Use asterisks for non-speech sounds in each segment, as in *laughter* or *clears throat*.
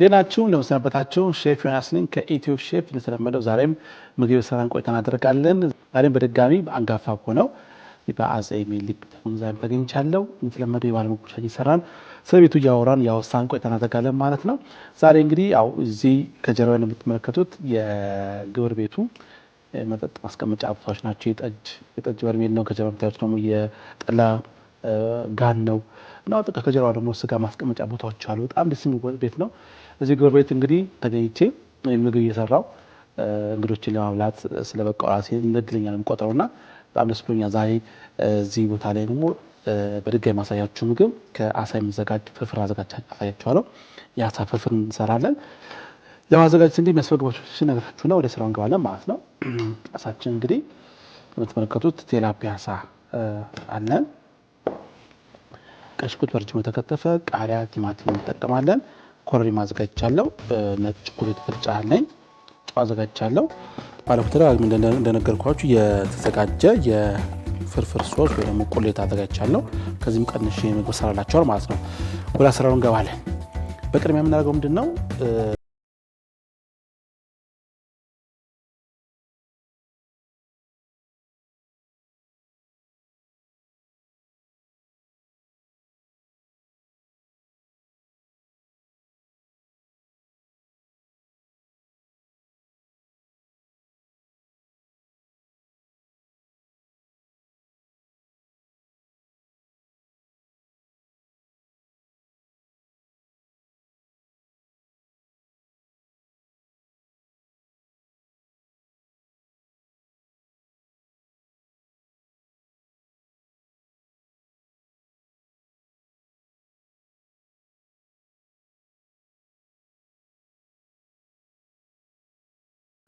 ዴናችሁ እንደምሰናበታችሁ ሼፍ ዮናስ ነኝ ከኢትዮ ሼፍ። እንደተለመደው ዛሬም ምግብ ሰራን ቆይታ እናደርጋለን። ዛሬም በድጋሚ በአንጋፋ ሆነው በአጼ ሚኒሊክ ዛሬም ተገኝቻለሁ። እንደተለመደው የባለ ምግቦች እየሰራን ስለ ቤቱ እያወራን ያወሳን ቆይታ እናደርጋለን ማለት ነው። ዛሬ እንግዲህ ያው እዚህ ከጀርባ የምትመለከቱት የግብር ቤቱ መጠጥ ማስቀመጫ ቦታዎች ናቸው። የጠጅ በርሜል ነው ከጀርባ የምታዩት ደግሞ የጠላ ጋን ነው እና ከጀርባ ደግሞ ስጋ ማስቀመጫ ቦታዎች አሉ። በጣም ደስ የሚል ቤት ነው። እዚህ ግብር ቤት እንግዲህ ተገኝቼ ምግብ እየሰራው እንግዶችን ለማብላት ስለበቃው ራሴ እድለኛ ነው የምቆጥረው እና በጣም ደስ ብሎኛል። ዛሬ እዚህ ቦታ ላይ ደግሞ በድጋሚ ማሳያችሁ ምግብ ከአሳ የሚዘጋጅ ፍርፍር አዘጋጅ አሳያችኋለሁ። የአሳ ፍርፍር እንሰራለን። ለማዘጋጀት እንግዲህ የሚያስፈልጓችሁ ነገራችሁና ወደ ስራው እንገባለን ማለት ነው። *clears throat* አሳችን እንግዲህ የምትመለከቱት ቴላፒያ አሳ አለን። ቀሽቁት በረጅሙ የተከተፈ ቃሪያ፣ ቲማቲም እንጠቀማለን። ኮረሪማ አዘጋጅቻለሁ። ነጭ ኩሪት ፍርጫ አለኝ አዘጋጅቻለሁ። ባለፉት ተደጋግሜ እንደነገርኳችሁ የተዘጋጀ የፍርፍር ሶስ ወይ ደግሞ ቁሌት አዘጋጅቻለሁ። ከዚህም ቀንሽ የምግብ ሰራላቸዋል ማለት ነው። ወደ አሰራሩ እንገባለን። በቅድሚያ የምናደርገው ምንድን ነው?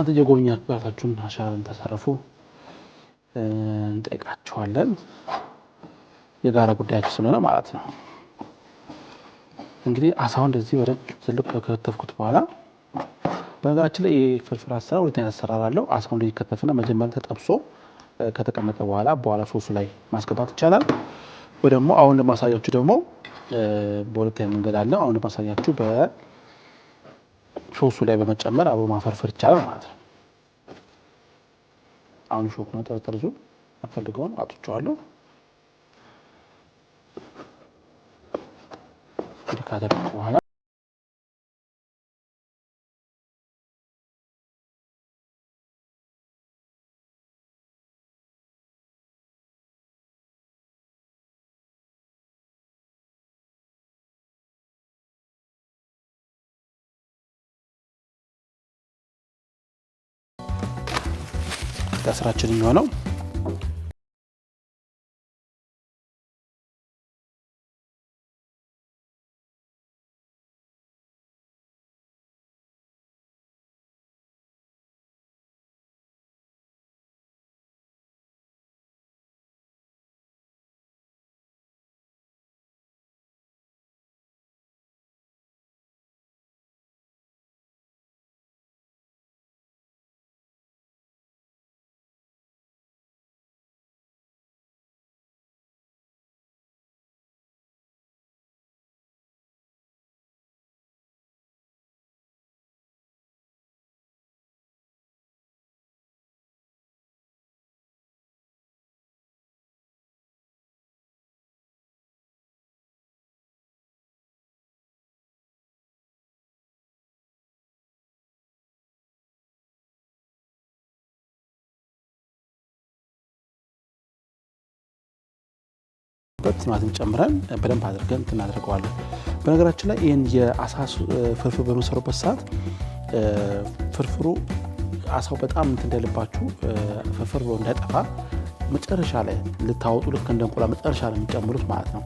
እናንተ እየጎብኛችሁ ባካችሁን አሻራን ተሰርፉ እንጠይቃችኋለን። የጋራ ጉዳያችሁ ስለሆነ ማለት ነው። እንግዲህ አሳውን እንደዚህ ወደ ትልቅ ከከተፍኩት በኋላ በነገራችን ላይ የፍርፍር አሰራር ሁለት አይነት አሰራር አለው። አሳው እንደዚህ ከተፍና መጀመሪያ ተጠብሶ ከተቀመጠ በኋላ በኋላ ሶሱ ላይ ማስገባት ይቻላል። ወይ ደግሞ አሁን ለማሳያችሁ ደግሞ በሁለት መንገድ አለ። አሁን ለማሳያችሁ በ ሾሱ ላይ በመጨመር አብሮ ማፈርፈር ይቻላል ማለት ነው። አሁን ሾክ ነው ጠርጠርዙ ያፈልገውን አጥቼዋለሁ። ካደረኩ በኋላ ስራችን የሚሆነው ቲማቲም ጨምረን በደንብ አድርገን እናደርገዋለን። በነገራችን ላይ ይህን የአሳ ፍርፍር በምንሰሩበት ሰዓት ፍርፍሩ አሳው በጣም እንትን እንዳይልባችሁ ፍርፍር እንዳይጠፋ መጨረሻ ላይ ልታወጡ ልክ እንደ እንቁላል መጨረሻ ላይ የሚጨምሩት ማለት ነው።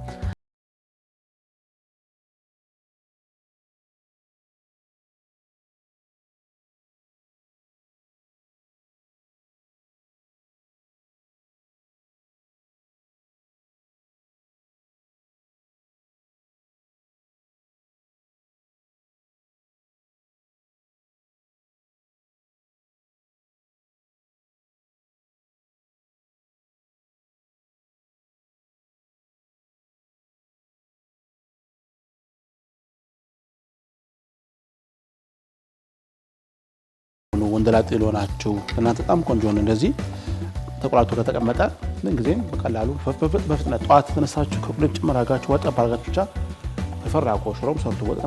ወንደላጤ ሊሆናችሁ እና በጣም ቆንጆ ነው። እንደዚህ ተቆላልቶ ከተቀመጠ ምን ጊዜም በቀላሉ በፍጥነት ጠዋት ተነሳችሁ ከሁለት ጭምር አድርጋችሁ ወጥ አድርጋችሁ ብቻ ተፈራቆ ሽሮም ሰርቶ ወጥ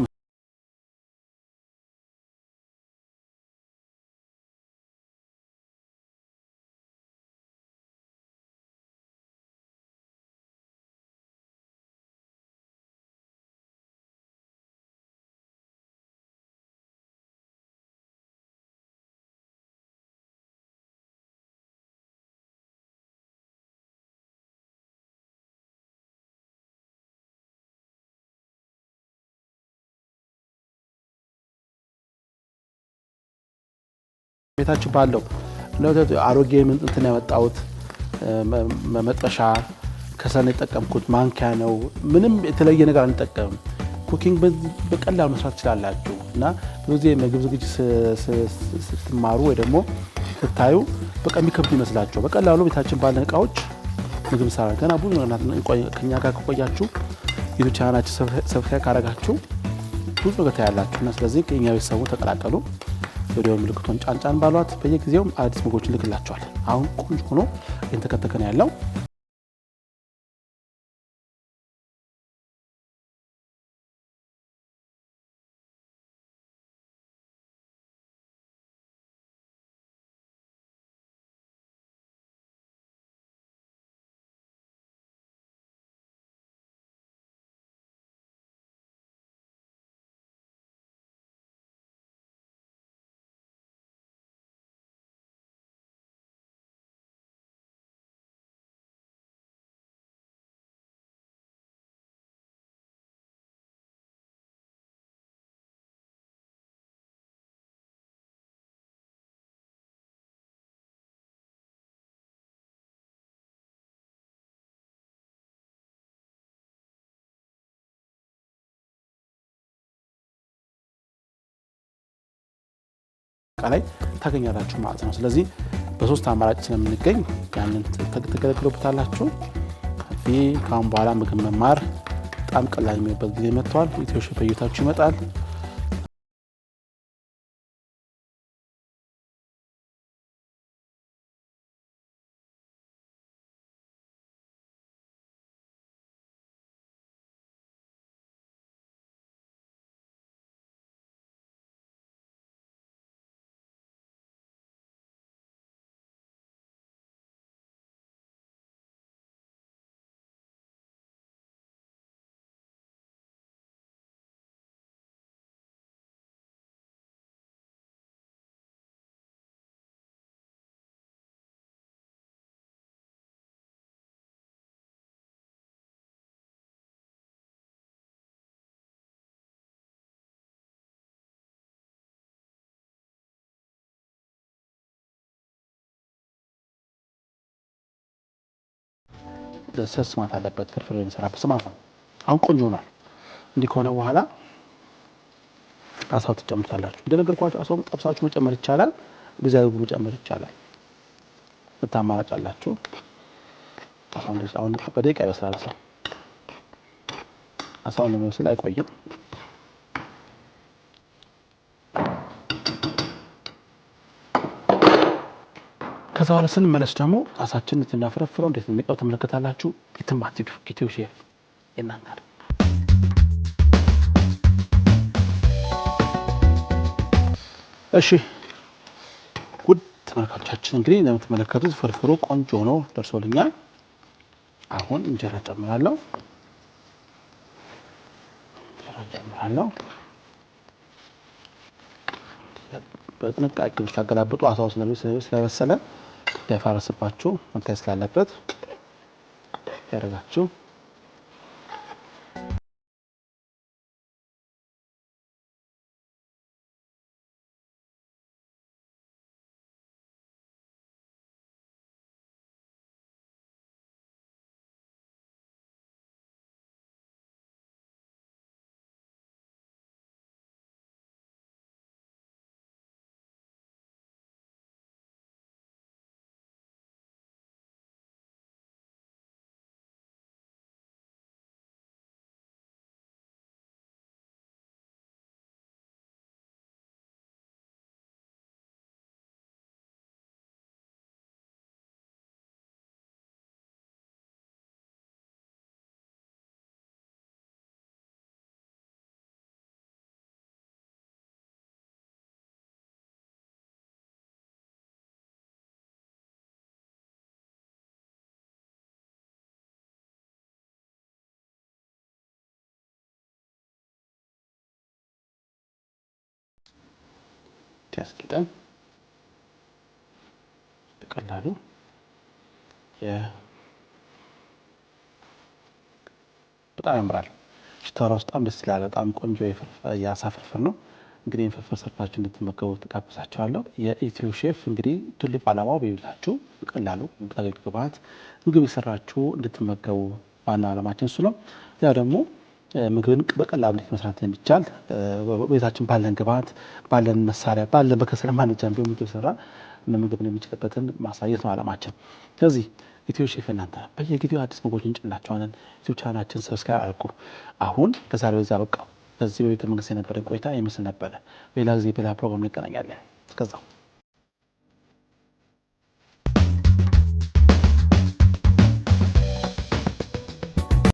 ቤታችሁ ባለው አሮጌ ምንጥንትን ያመጣሁት መጥበሻ ከሰን የጠቀምኩት ማንኪያ ነው። ምንም የተለየ ነገር አንጠቀምም። ኩኪንግ በቀላሉ መስራት ትችላላችሁ እና ብዙ ጊዜ ምግብ ዝግጅት ስትማሩ ወይ ደግሞ ስታዩ በቃ የሚከብዱ ይመስላቸው። በቀላሉ ቤታችን ባለን እቃዎች ምግብ ሰራ ገና ብዙ ከኛ ጋር ከቆያችሁ ዩቱብ ቻናላችን ሰብስክራይብ ካረጋችሁ ብዙ ነገር ታያላችሁ እና ስለዚህ ከኛ ቤተሰቡ ተቀላቀሉ። ወዲያው ምልክቱን ጫንጫን ባሏት በየጊዜውም አዲስ ምግቦችን ልክላቸዋል። አሁን ቆንጆ ሆኖ እየተከተከ ነው ያለው። ላይ ታገኛላችሁ ማለት ነው። ስለዚህ በሶስት አማራጭ ስለምንገኝ ያንን ትገለግሉበታላችሁ። ከአሁን በኋላ ምግብ መማር በጣም ቀላል የሚበት ጊዜ መጥተዋል። ኢትዮ በየታችሁ ይመጣል። ሰስ ማት አለበት ፍርፍር የሚሰራበት ስማት አሁን ቆንጆ ሆኗል። እንዲህ ከሆነ በኋላ አሳው ትጨምራላችሁ። እንደነገርኳችሁ አሳውም ጠብሳችሁ መጨመር ይቻላል፣ ጊዜያዊ መጨመር ይቻላል። ልታማራጭ አላችሁ። አሁን ደቂቃ ይበስላል። አሳውን ለመብሰል አይቆይም። ከዛ በኋላ ስንመለስ ደግሞ ራሳችን ስናፈረፍረው እንዴት የሚቀው ተመለከታላችሁ። የትም አትሄዱ። ጌቴው ሼፍ የእናንተ እሺ ውድ ተመልካቾቻችን እንግዲህ እንደምትመለከቱት ፍርፍሩ ቆንጆ ነው ደርሶልኛል። አሁን እንጀራ ጨምራለሁ። እንጀራ ጨምራለሁ። በጥንቃቄ ብቻ ገላብጡ አሳው ስለበሰለ እንዳይፈርስባችሁ መታየት ስላለበት ያደርጋችሁ ሲያስጌጠን በቀላሉ በጣም ያምራል። ሽታው ውስጥ በጣም ደስ ይላል። በጣም ቆንጆ የአሳ ፍርፍር ነው። እንግዲህ ፍርፍር ሰርታችሁ እንድትመገቡ ትጋብዛችኋለሁ። የኢትዮ ሼፍ እንግዲህ ቱሊፕ አላማው በቤታችሁ በቀላሉ የምታገኙ ግብዓት ምግብ የሰራችሁ እንድትመገቡ ዋና አላማችን እሱ ነው። ያ ደግሞ ምግብን በቀላሉ እንዴት መስራት እንደሚቻል ቤታችን ባለን ግብዓት ባለን መሳሪያ ባለን በከሰል ማንደጃም ቢሆን ምግብ ስራ ምግብ የሚችልበትን ማሳየት ነው አላማችን። ስለዚህ ኢትዮ ሼፍ እናንተ በየጊዜው አዲስ ምግቦች እንጭንላቸዋለን። ኢትዮ ቻናችን ሰብስክራይብ አድርጉ። አሁን ከዛሬው በዛ በቃ። በዚህ በቤተ መንግስት የነበረን ቆይታ ይመስል ነበረ። ሌላ ጊዜ በሌላ ፕሮግራም እንገናኛለን። እስከዛው